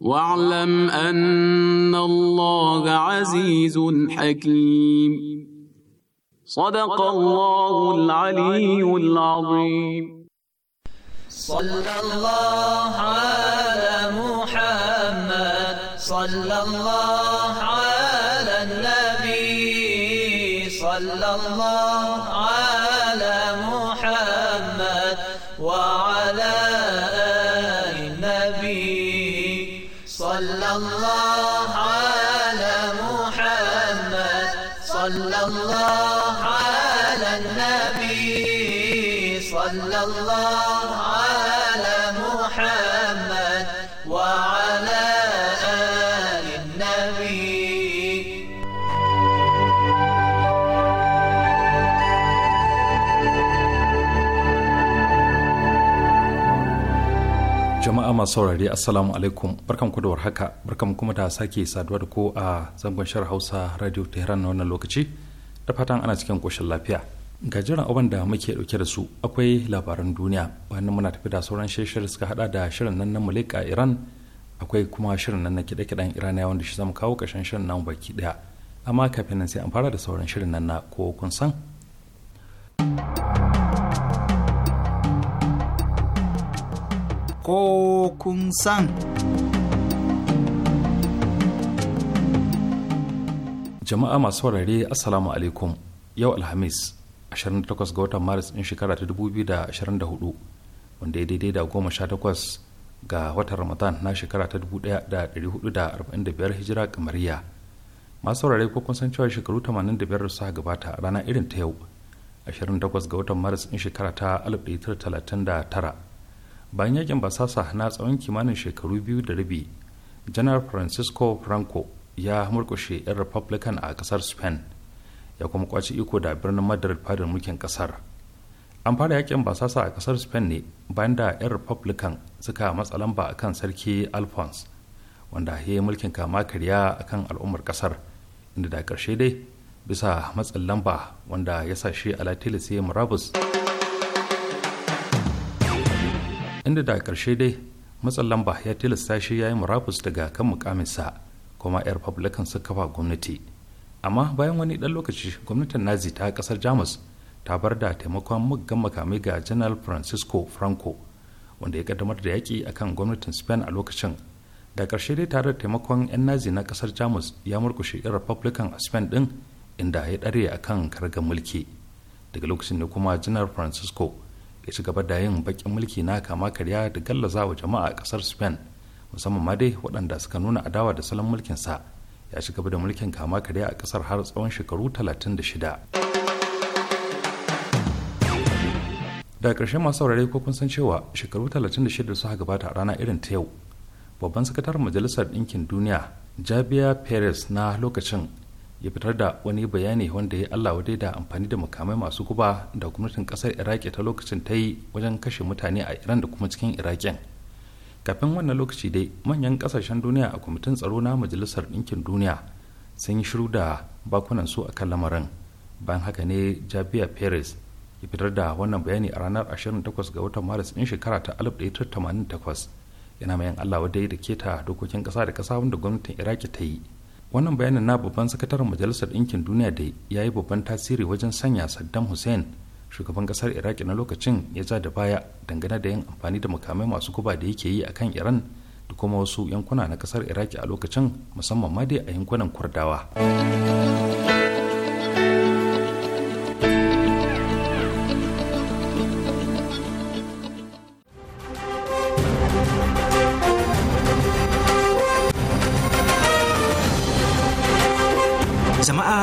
واعلم ان الله عزيز حكيم صدق الله العلي العظيم صلى الله على محمد صلى الله على النبي صلى الله على محمد وعلى ال النبي صلى الله على محمد صلى الله على النبي صلى الله masu saurari assalamu alaikum barkan ku da warhaka barkan kuma da sake saduwa da ku a zangon shar hausa radio tehran na wannan lokaci da fatan ana cikin koshin lafiya ga jiran abin da muke dauke da su akwai labaran duniya bayan muna tafi da sauran shirye suka hada da shirin nan na a iran akwai kuma shirin nan na kiɗe iran ya wanda shi zamu kawo kashin shirin nan baki daya amma kafin nan sai an fara da sauran shirin nan na ko kun san ko kun san. Jama'a masu warare Assalamu alaikum yau Alhamis 28 ga watan Maris ɗin shekara ta 2024 wanda ya daidai da 18 ga watan Ramadan na shekara ta 1445 hijira kamariya. Masu warare ko kun san cewa shekaru 85 da suka gabata rana irin ta yau 28 ga watan Maris ɗin shekara ta 1939 bayan yakin basasa na tsawon kimanin shekaru biyu da rabi janar francisco franco ya murkushe 'yan republican a kasar spain ya kuma kwaci iko da birnin madrid fadar mulkin kasar an fara yakin basasa a kasar spain ne bayan da 'yan republican suka matsa lamba a kan sarki alphonse wanda ya yi mulkin kama karya a kan al'ummar kasar inda da ƙarshe dai bisa matsin lamba wanda ya sa shi ala ya murabus. murabus inda da ƙarshe dai matsin lamba ya tilasta shi ya yi murabus daga kan mukaminsa kuma yar republican sun kafa gwamnati amma bayan wani ɗan lokaci gwamnatin nazi ta kasar jamus ta bar da taimakon muggan makamai ga general francisco franco wanda ya kaddamar da yaƙi a kan gwamnatin spain a lokacin da ƙarshe dai tare da taimakon 'yan nazi na kasar jamus ya murkushe 'yan republican a spain ɗin inda ya ɗare a kan kargar mulki daga lokacin ne kuma janar francisco ya ci gaba da yin bakin mulki na kama karya da gallaza wa jama'a a kasar spain musamman ma dai waɗanda suka nuna adawa da salon mulkin sa ya ci gaba da mulkin kama karya a kasar har tsawon shekaru 36 daga ƙarshen masu saurare ko kun san cewa shekaru talatin da 36 suka gabata a rana irin ta yau babban sakataren majalisar ɗinkin duniya jabiya perez na lokacin ya fitar da wani bayani wanda ya allah wadai da amfani da makamai masu guba da gwamnatin kasar iraki ta lokacin ta yi wajen kashe mutane a iran da kuma cikin iraƙin kafin wannan lokaci dai manyan kasashen duniya a kwamitin tsaro na majalisar ɗinkin duniya sun yi shiru da bakunan su a kan lamarin bayan haka ne jabiya perez ya fitar da wannan bayani a ranar 28 ga watan maris ɗin shekara ta 1988 yana mayan allah wadai da keta dokokin ƙasa da ƙasa wanda gwamnatin iraki ta yi wannan bayanin na babban sakataren majalisar ɗinkin duniya da ya yi babban tasiri wajen sanya saddam hussein shugaban ƙasar iraki na lokacin ya ja da baya dangane da yin amfani da makamai masu guba da yake yi a kan iran da kuma wasu yankuna na ƙasar iraki a lokacin musamman ma dai a yankunan kurdawa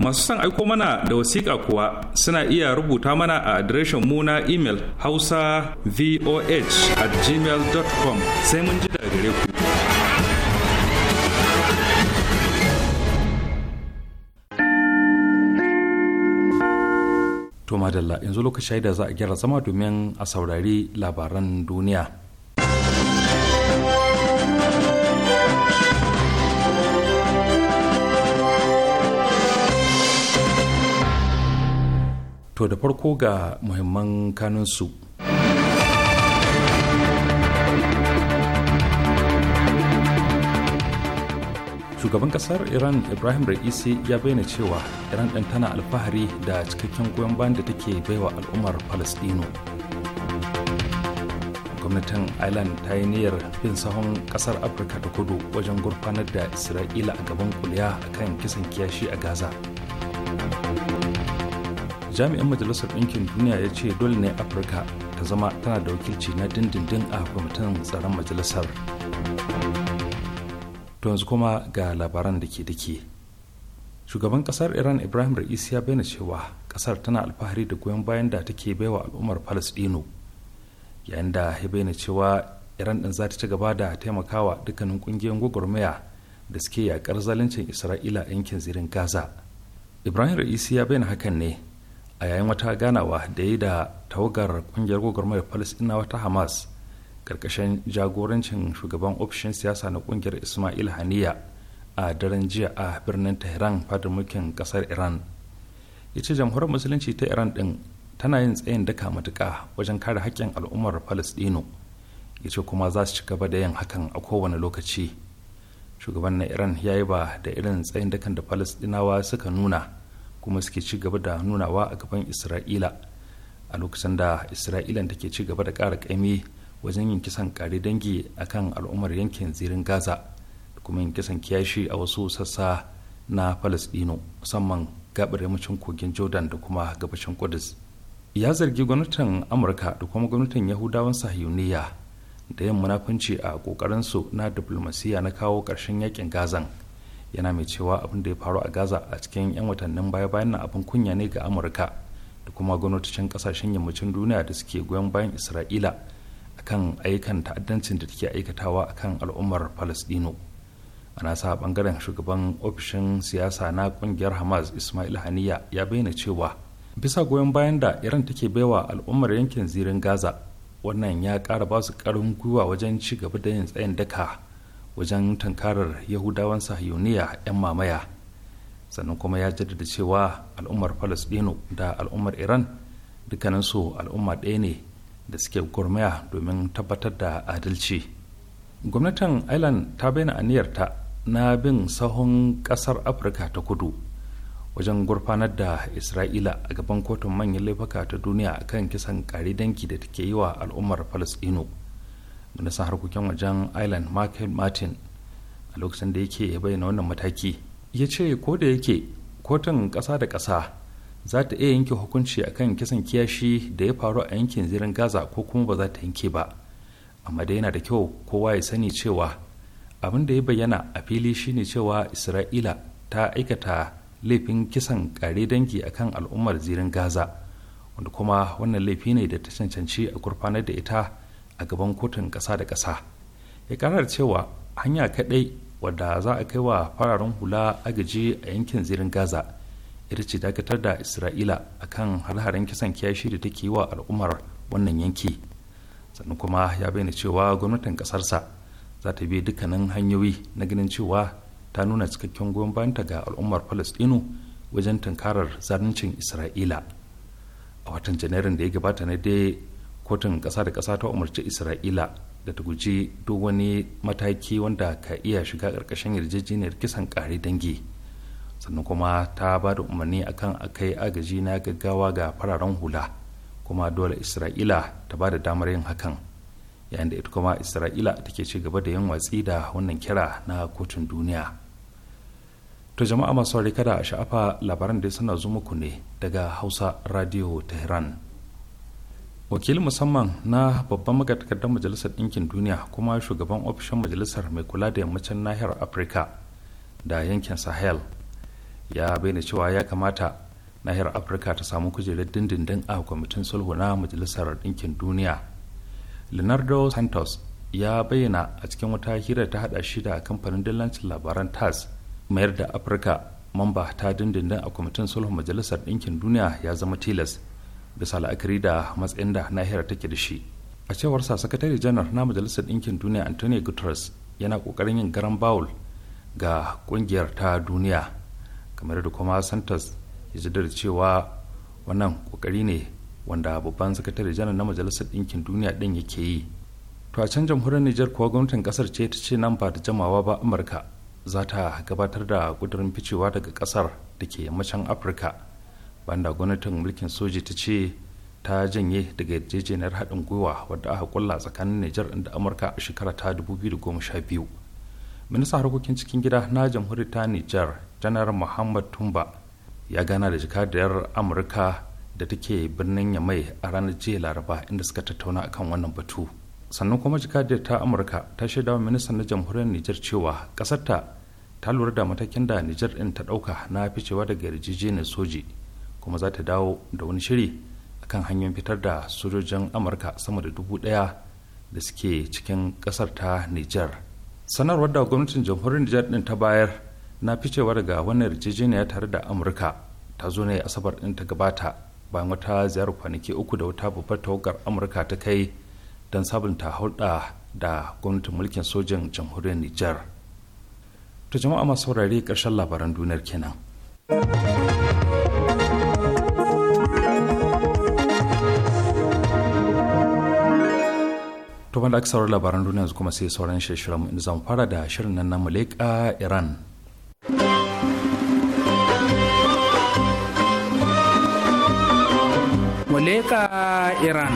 masu son aiko mana da wasiƙa kuwa suna iya rubuta mana a adireshin mu na imel hausa voh at gmail.com sai mun ji da gare ku to madalla yanzu lokaci da za a gyara zama domin a saurari labaran duniya To da farko ga muhimman kanunsu. Shugaban kasar Iran Ibrahim Raisi ya bayyana cewa Iran ɗin tana alfahari da cikakken goyon bayan da take baiwa al'ummar palestino. Gwamnatin Ireland ta yi niyyar bin sahun kasar Afirka ta kudu wajen gurfanar da Isra'ila a gaban kuliya akan kisan kiyashi a Gaza. jami'an majalisar ɗinkin duniya ya ce dole ne afirka ta zama tana da wakilci na dindindin a kwamitin tsaron majalisar to yanzu kuma ga labaran da ke dake shugaban kasar iran ibrahim ra'isi ya bayyana cewa kasar tana alfahari da goyon bayan da take baiwa al'ummar palestino yayin da ya bayyana cewa iran din za ta ci gaba da taimakawa dukkanin kungiyoyin gwagwarmaya da suke yakar zaluncin isra'ila a yankin zirin gaza ibrahim ra'isi ya bayyana hakan ne a yayin wata ganawa da yi da tawagar kungiyar gwagwarmayar palestinawa ta hamas karkashin jagorancin shugaban ofishin siyasa na kungiyar ismail haniya a daren jiya a birnin tehran fadar mulkin kasar iran ya ce jamhuriyar musulunci ta iran din tana yin tsayin daka matuka wajen kare haƙƙin al'ummar palestino ya ce kuma za su ci gaba da yin hakan a kowane lokaci shugaban na iran ya yi ba da irin tsayin dakan da palestinawa suka nuna kuma suke ci gaba da nunawa a gaban isra'ila a lokacin da isra'ilan take ci gaba da ƙara ƙaimi wajen yin kisan kare dangi a kan al'ummar yankin zirin gaza da kuma yin kisan kiyashi a wasu sassa na palestino musamman gabar yammacin kogin jordan da kuma gabashin kudus ya zargi gwamnatin amurka da kuma gwamnatin yahudawan sahiyuniya da yin munafanci a kokarinsu na diplomasiya na kawo ƙarshen yakin gazan yana mai cewa abin da ya faru a gaza a cikin 'yan watannin baya-bayan na abin kunya ne ga amurka da kuma gwamnatocin kasashen yammacin duniya da suke goyon bayan isra'ila akan ayyukan ta'addancin da take aikatawa a kan al'ummar palestino a nasa bangaren shugaban ofishin siyasa na kungiyar hamas ismail haniya ya bayyana cewa bisa goyon bayan da iran take baiwa al'ummar yankin zirin gaza wannan ya kara ba su karin gwiwa wajen ci gaba da yin tsayin daka wajen tankarar yahudawan sahiyoniya 'yan mamaya sannan kuma ya jaddada cewa al'ummar palestino da al'ummar iran dukkaninsu al'umma ɗaya ne da suke gurmaya domin tabbatar da adalci gwamnatin ireland ta bayyana aniyarta na bin sahun ƙasar afirka ta kudu wajen gurfanar da isra'ila a gaban kotun manyan laifuka ta duniya kan kisan ƙari danki da take yi wa al'ummar palestino ministan harkokin wajen island michael martin a lokacin da yake ya bayyana wannan mataki ya ce ko da yake kotun ƙasa da ƙasa za ta iya yanke hukunci akan kisan kiyashi da ya faru a yankin zirin gaza ko kuma ba za ta yanke ba amma da yana da kyau kowa ya sani cewa abin da ya bayyana a fili shine cewa isra'ila ta aikata laifin kisan kare dangi akan al'ummar zirin gaza wanda kuma wannan laifi ne da ta cancanci a gurfanar da ita a gaban kotun ƙasa da ƙasa ya karar cewa hanya kaɗai wadda za a kai wa fararen hula agaji a yankin zirin gaza ita ce dakatar da isra'ila akan har-haren kisan kiyashi da take yi wa al'ummar wannan yanki sannan kuma ya bayyana cewa gwamnatin ƙasarsa za ta bi dukkanin hanyoyi na ganin cewa ta nuna cikakken goyon bayanta ga al'ummar falastinu wajen tunkarar zaluncin isra'ila a watan janairun da ya gabata na dai kotun ƙasa da ƙasa ta umarci isra'ila da ta guji duk wani mataki wanda ka iya shiga ƙarƙashin yarjejeniyar kisan ƙare dangi sannan kuma ta ba da umarni akan akai agaji na gaggawa ga fararen hula kuma dole isra'ila ta ba da damar yin hakan yayin da ita kuma isra'ila take ci gaba da yin watsi da wannan kira na kotun duniya to jama'a masu kada a sha'afa labaran da suna zo muku ne daga hausa radio tehran wakilin musamman na babban magatakardar majalisar ɗinkin duniya kuma shugaban ofishin majalisar mai kula da yammacin nahiyar afirka da yankin sahel ya bayyana cewa ya kamata nahiyar afirka ta samu kujerar dindindin a kwamitin sulhu na majalisar ɗinkin duniya leonardo santos ya bayyana a cikin wata hira ta hada shi da kamfanin dillancin labaran tas mayar da afirka mamba ta dindindin a kwamitin sulhu majalisar ɗinkin duniya ya zama tilas bisa la'akari da matsayin da nahiyar take da shi a cewar sa sakatare janar na majalisar ɗinkin duniya antonio guterres yana ƙoƙarin yin garan bawul ga ƙungiyar ta duniya kamar da kuma santas ya cewa wannan ƙoƙari ne wanda babban sakatare janar na majalisar ɗinkin duniya ɗin yake yi to a can jamhuriyar niger kuwa gwamnatin ƙasar ce ta ce nan ba da jamawa ba amurka za ta gabatar da ƙudurin ficewa daga ƙasar da ke yammacin afirka banda gwamnatin mulkin soji ta ce ta janye daga yarjejeniyar haɗin gwiwa wadda aka kulla tsakanin nijar da amurka a shekara ta 2012 ministan harkokin cikin gida na jamhuriyar ta nijar janar muhammad tumba ya gana da jikadiyar amurka da take birnin yamai a ranar jiya laraba inda suka tattauna akan wannan batu sannan kuma jikadiyar ta amurka ta shaida wa ministan na jamhuriyar nijar cewa kasarta ta lura da matakin da nijar ɗin ta ɗauka na ficewa daga yarjejeniyar soji kuma za ta dawo da wani shiri akan hanyoyin fitar da sojojin amurka sama da dubu daya da suke cikin kasar ta niger sanarwar da gwamnatin jamhuriyar niger din ta bayar na ficewa daga wannan yarjejeniya tare da amurka ta zo ne asabar din ta gabata bayan wata ziyarar kwanaki uku da wata babbar tawagar amurka ta kai don sabunta hulɗa da gwamnatin mulkin sojin jamhuriyar niger to jama'a masu saurari ƙarshen labaran duniyar kenan. to da aka saurari labaran duniya yanzu kuma sai sauran shirin inda zamu fara da shirin nan na muleka iran muleka iran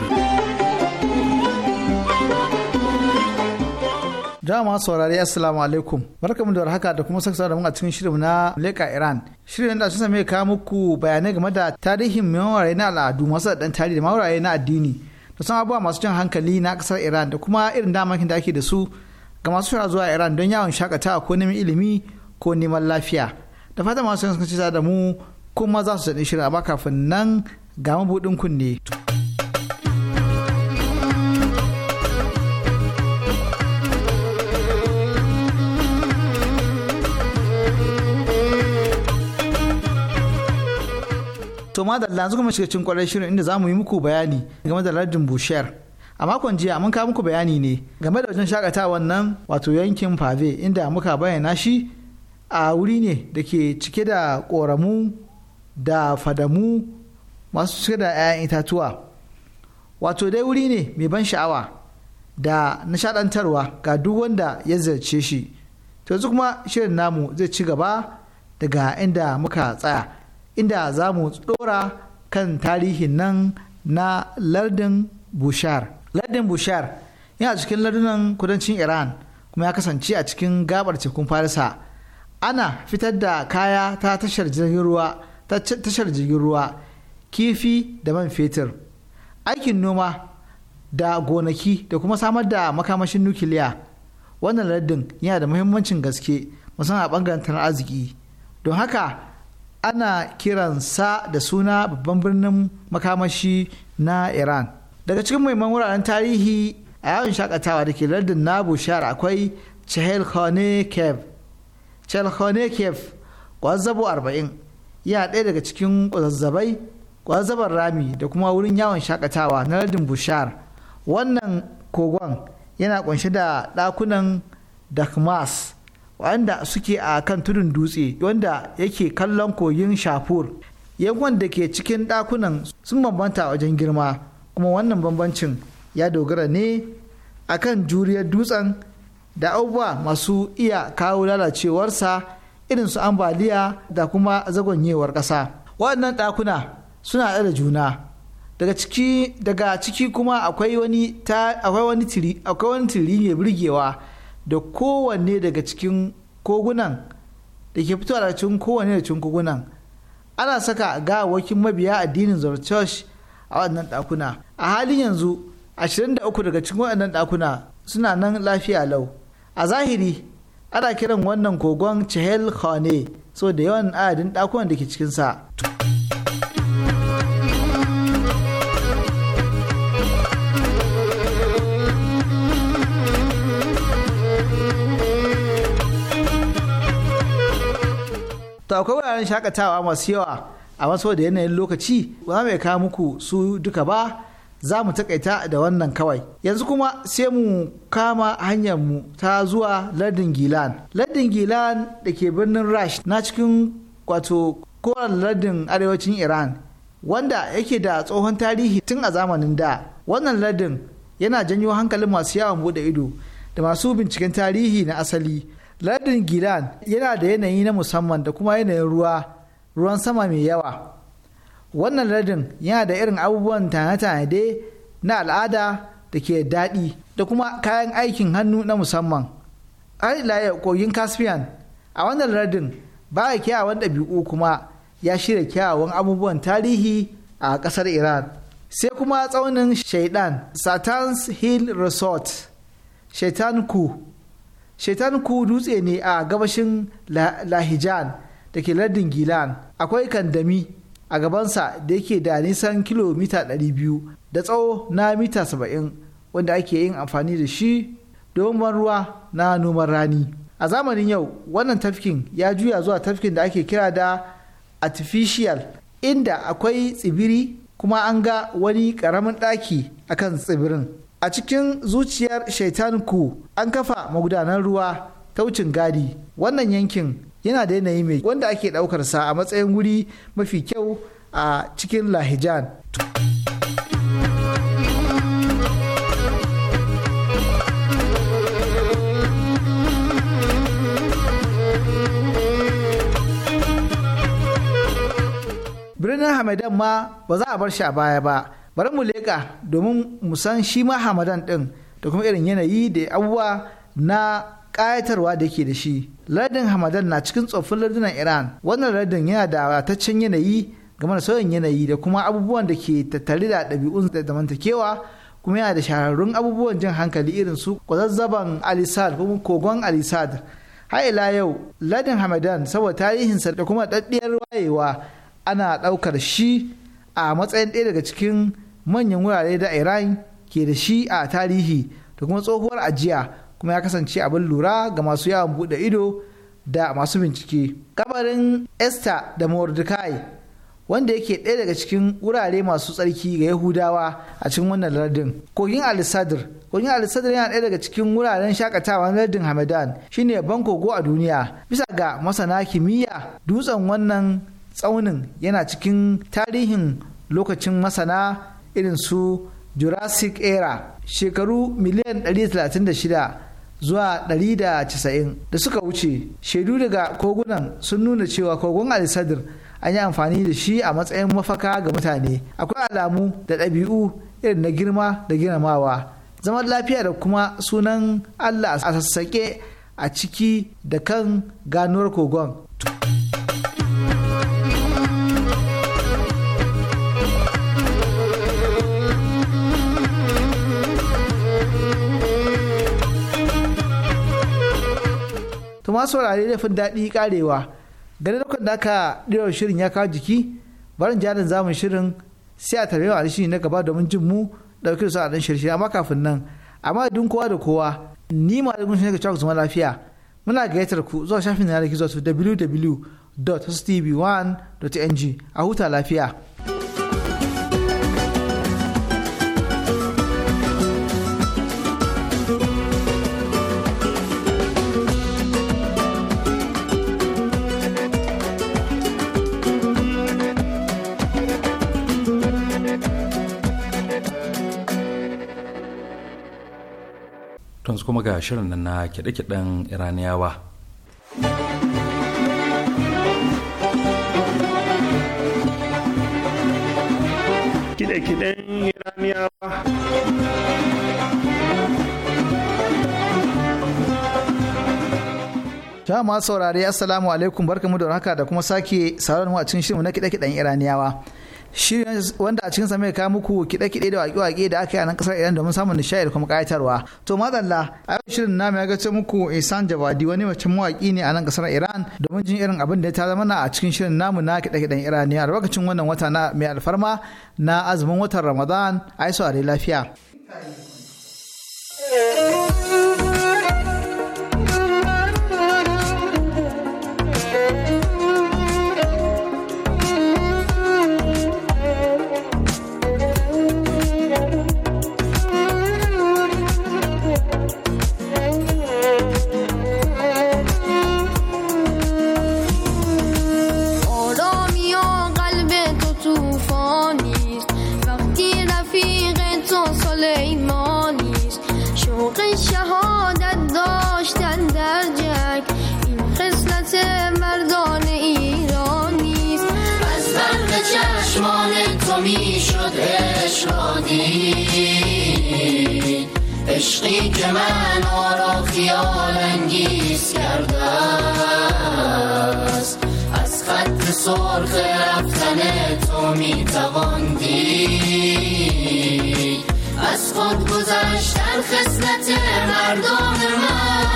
jama'a saurari assalamu alaikum barkamu da warhaka da kuma saka da mun a cikin shirin na leka iran shirin da sun same kawo muku bayanai game da tarihin mawarai na al'adu masu da dan tarihi da mawarai na addini da sun abubuwa masu jan hankali na kasar iran da kuma irin damakin da ake da su ga masu shara zuwa iran don yawon shakatawa ko neman ilimi ko neman lafiya da fata masu sun da mu kuma za su daɗi shirin amma kafin nan ga mabuɗin kunne. da madalla yanzu kuma shiga cikin kwarar shirin inda zamu yi muku bayani game da lardin Bushiyar. A makon jiya mun kawo muku bayani ne game da wajen shakatawa nan wato yankin Fave inda muka bayyana shi a wuri ne da ke cike da koramu da fadamu masu cike da 'ya'yan itatuwa. Wato dai wuri ne mai ban sha'awa da nishadantarwa ga duk wanda ya ziyarce shi. To yanzu kuma shirin namu zai ci gaba daga inda muka tsaya. inda za mu ɗora kan tarihin nan na lardin bushar lardin bushar yana cikin lardunan kudancin iran kuma ya kasance a cikin gabar tekun farisa ana fitar da kaya ta tashar jirgin ruwa ta tashar jirgin ruwa kifi da man fetur aikin noma da gonaki da kuma samar da makamashin nukiliya wannan lardin yana da muhimmancin gaske musamman a bangaren tattalin arziki don haka ana kiransa da suna babban birnin makamashi na iran daga cikin muhimman wuraren tarihi a yawon shakatawa da ke lardin na bushar akwai chehelkhane cave chehelkhane cave arba'in yana ɗaya daga cikin kwazazzabai kwazazzabar rami da kuma wurin yawon shakatawa na lardin bushar wannan kogon yana kunshe da ɗakunan dakmas wanda suke a kan tudun dutse wanda yake kallon kogin shafur yankunan da ke cikin ɗakunan sun bambanta wajen girma kuma wannan bambancin ya dogara ne a kan juriyar dutsen da abubuwa masu iya kawo lalacewarsa irin su ambaliya da kuma zagonyewar ƙasa waɗannan ɗakuna suna da juna daga ciki daga ciki kuma akwai wani akwai akwai wani tiri mai burgewa da kowanne daga cikin kogunan da ke fitowa daga cikin kowanne da cikin kogunan ana saka gawakin mabiya addinin Zoroastrian a waɗannan ɗakuna a halin yanzu 23 daga cikin waɗannan ɗakuna suna nan lafiya lau a zahiri ana kiran wannan kogon Chehel Khane so da yawan adadin ɗakunan da ke cikinsa. sa to akwai wuraren shakatawa masu yawa a maso da yanayin lokaci ba za kawo muku su duka ba za mu takaita da wannan kawai yanzu kuma sai mu kama hanyar mu ta zuwa lardin gilan lardin gilan da ke birnin rash na cikin wato koren lardin arewacin iran wanda yake da tsohon tarihi tun a zamanin da wannan lardin yana janyo hankalin masu yawon bude ido da masu binciken tarihi na asali lardin gilan yana da yanayi na musamman da kuma yanayin ruwa ruwan sama mai yawa wannan lardin yana da irin abubuwan tanade-tanade na al'ada da ke daɗi da kuma kayan aikin hannu na musamman alilaya kogin caspian a wannan lardin baya kyawawan ɗabi'u kuma ya shirya kyawan abubuwan tarihi a ƙasar iran sai kuma tsaunin shaidan satans hill resort shaitan ku shaitan dutse ne a gabashin lahijan da ke lardin gilan akwai kandami a gabansa da yake da nisan kilomita 200 da tsawo na mita 70 wanda ake yin amfani da shi domin ruwa na noman rani a zamanin yau wannan tafkin ya juya zuwa tafkin da ake kira da artificial inda akwai tsibiri kuma an ga wani ƙaramin ɗaki akan tsibirin a cikin zuciyar shaitanku an kafa magudanan ruwa ta wucin gadi wannan yankin yana da yanayi mai wanda ake ɗaukarsa a matsayin wuri mafi kyau a cikin lahijan birnin hamadan ma ba za a bar shi a baya ba bari mu leƙa domin mu san shi ma hamadan ɗin da kuma irin yanayi da abubuwa na ƙayatarwa da ke da shi lardin hamadan na cikin tsoffin lardunan iran wannan lardin yana da wadataccen yanayi game da sauyin yanayi da kuma abubuwan da ke tattare da ɗabi'un da zamantakewa kuma yana da shahararrun abubuwan jin hankali irin su kwazazzaban alisad kuma kogon alisad har ila yau lardin hamadan saboda tarihinsa da kuma ɗaɗɗiyar wayewa ana ɗaukar shi a matsayin ɗaya daga cikin manyan wurare da iran ke da shi a tarihi da kuma tsohuwar ajiya kuma ya kasance abin lura ga masu yawon bude ido da masu bincike kabarin esther da mordecai wanda yake ɗaya daga cikin wurare masu tsarki ga yahudawa a cikin wannan lardin kogin alisadir kogin alisadir yana ɗaya daga cikin wuraren shakatawa na lardin hamadan shine ban kogo a duniya bisa ga masana kimiyya dutsen wannan tsaunin yana cikin tarihin lokacin masana irin su jurassic era shekaru miliyan 136 zuwa 190 da suka wuce shaidu daga kogunan sun nuna cewa kogon alisadir an yi amfani da shi a matsayin mafaka ga mutane akwai alamu da ɗabi'u irin na girma da girmawa zaman lafiya da kuma sunan allah a sassaƙe a ciki da kan ganuwar kogon masu wurare fin daɗi karewa ganin lokacin da aka ɗirar shirin ya kawo jiki barin jarin zamun shirin sai a tarbe wa shi na gaba domin jin mu ɗauke su a ɗan shirshi amma kafin nan amma dun kowa da kowa ni ma da gunshin ga zama lafiya muna gayyatar ku zuwa shafin yanar gizo su wwwstv 1ng a huta lafiya. tun kuma ga shirin nan na kiɗe-kiɗen iraniyawa kiɗe-kiɗen iraniyawa Ta masu saurari Assalamu alaikum barkamu da haka da kuma sake sauran mu a cikin shirin na kiɗe-kiɗen Iraniyawa. shirin wanda a cikin mai kawo muku kiɗe-kiɗe da waƙe-waƙe da aka yi a nan ƙasar Iran domin samun nishaɗi da kuma ƙayatarwa. To madalla a yau shirin namu ya gace muku Isan Jabadi wani mace mawaƙi ne a nan ƙasar Iran domin jin irin abin da ya ta zama na a cikin shirin namu na kiɗe-kiɗen Iraniya a lokacin wannan wata na mai alfarma na azumin watan Ramadan a yi lafiya. من را خیال انگیز کرده از خط سرخ رفتن تو می تواندی از خود گذشتن خسنت مردم من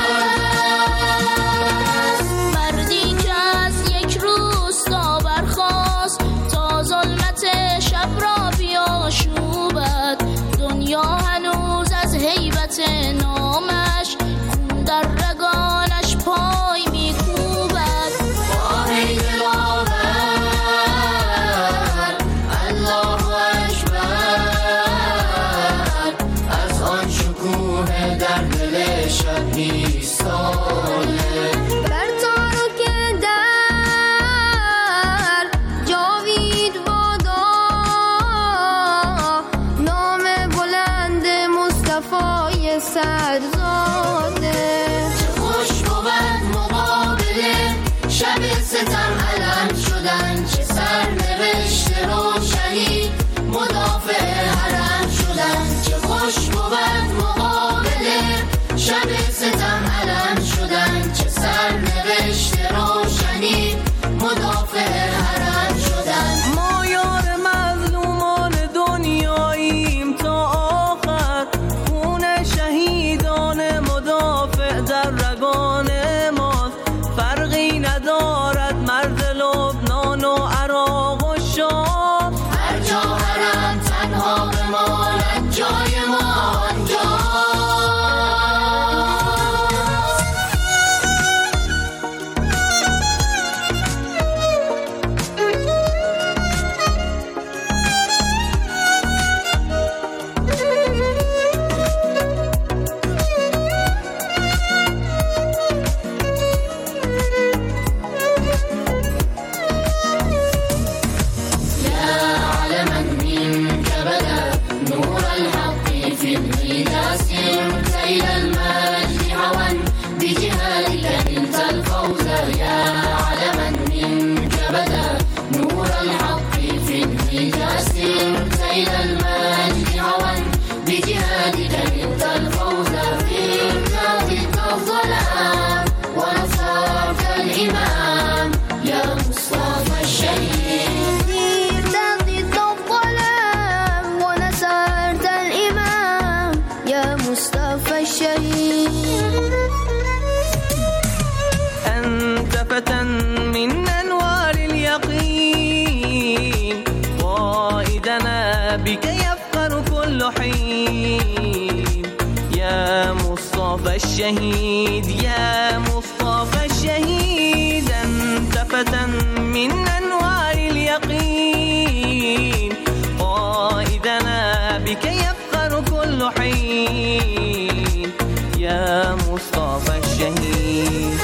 الشهيد يا مصطفى الشهيد أنت فتى من أنوار اليقين قائدنا بك يفخر كل حين يا مصطفى الشهيد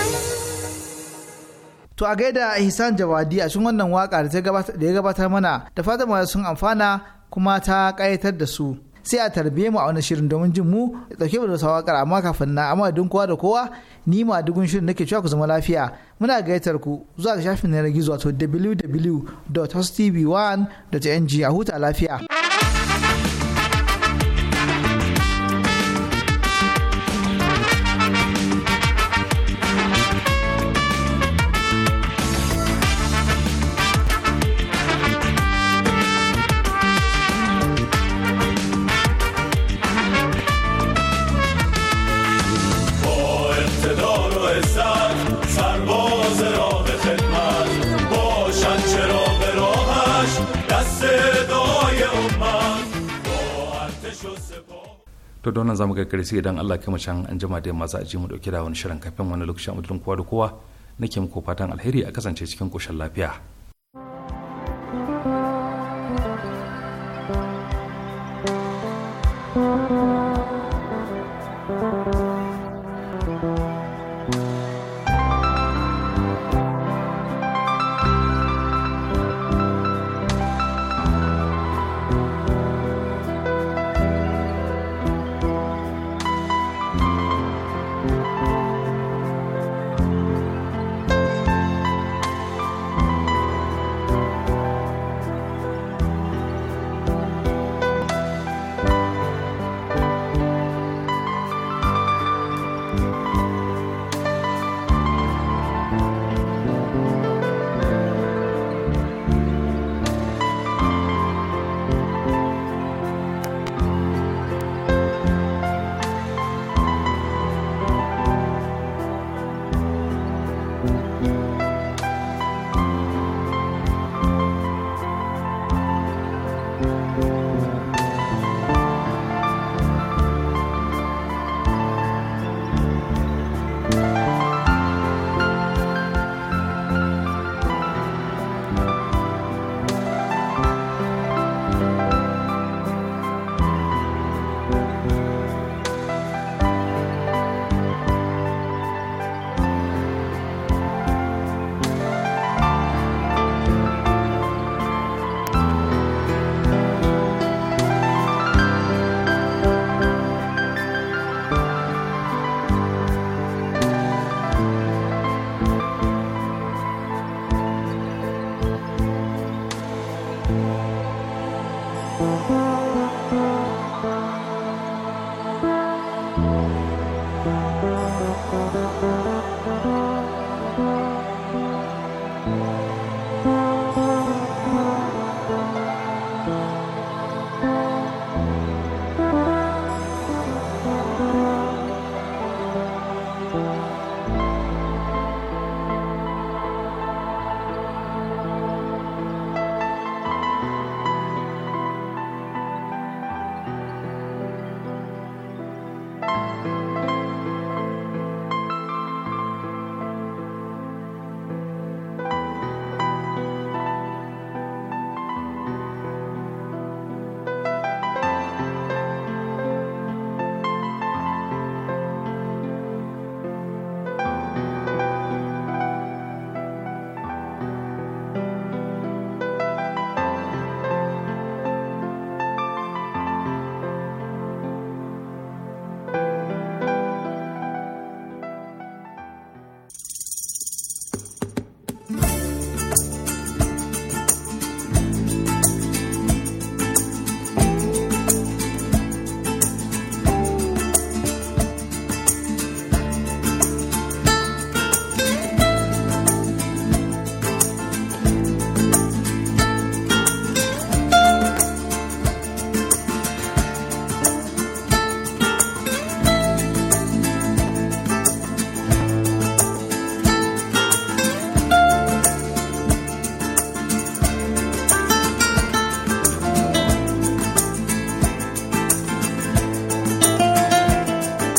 To a gaida Ihsan Jawadi a cikin wannan waka da ya gabatar mana da fatan sun amfana kuma ta ƙayatar da su. sai a tarbe mu a wani shirin domin jin mu dauke mu da kar amma kafin na amma dun kowa da kowa ni ma dugun shirin nake cewa ku zama lafiya muna gayyatar ku zuwa ga shafin na gizo wato www.hostv1.ng a huta lafiya. za wannan zamu gaggare sai idan Allah kai can an jima da yamma za a ji mu dauke da wani shirin kafin wani lokacin a mutum kowa da kowa nake muku fatan alheri a kasance cikin koshin lafiya Mm-hmm.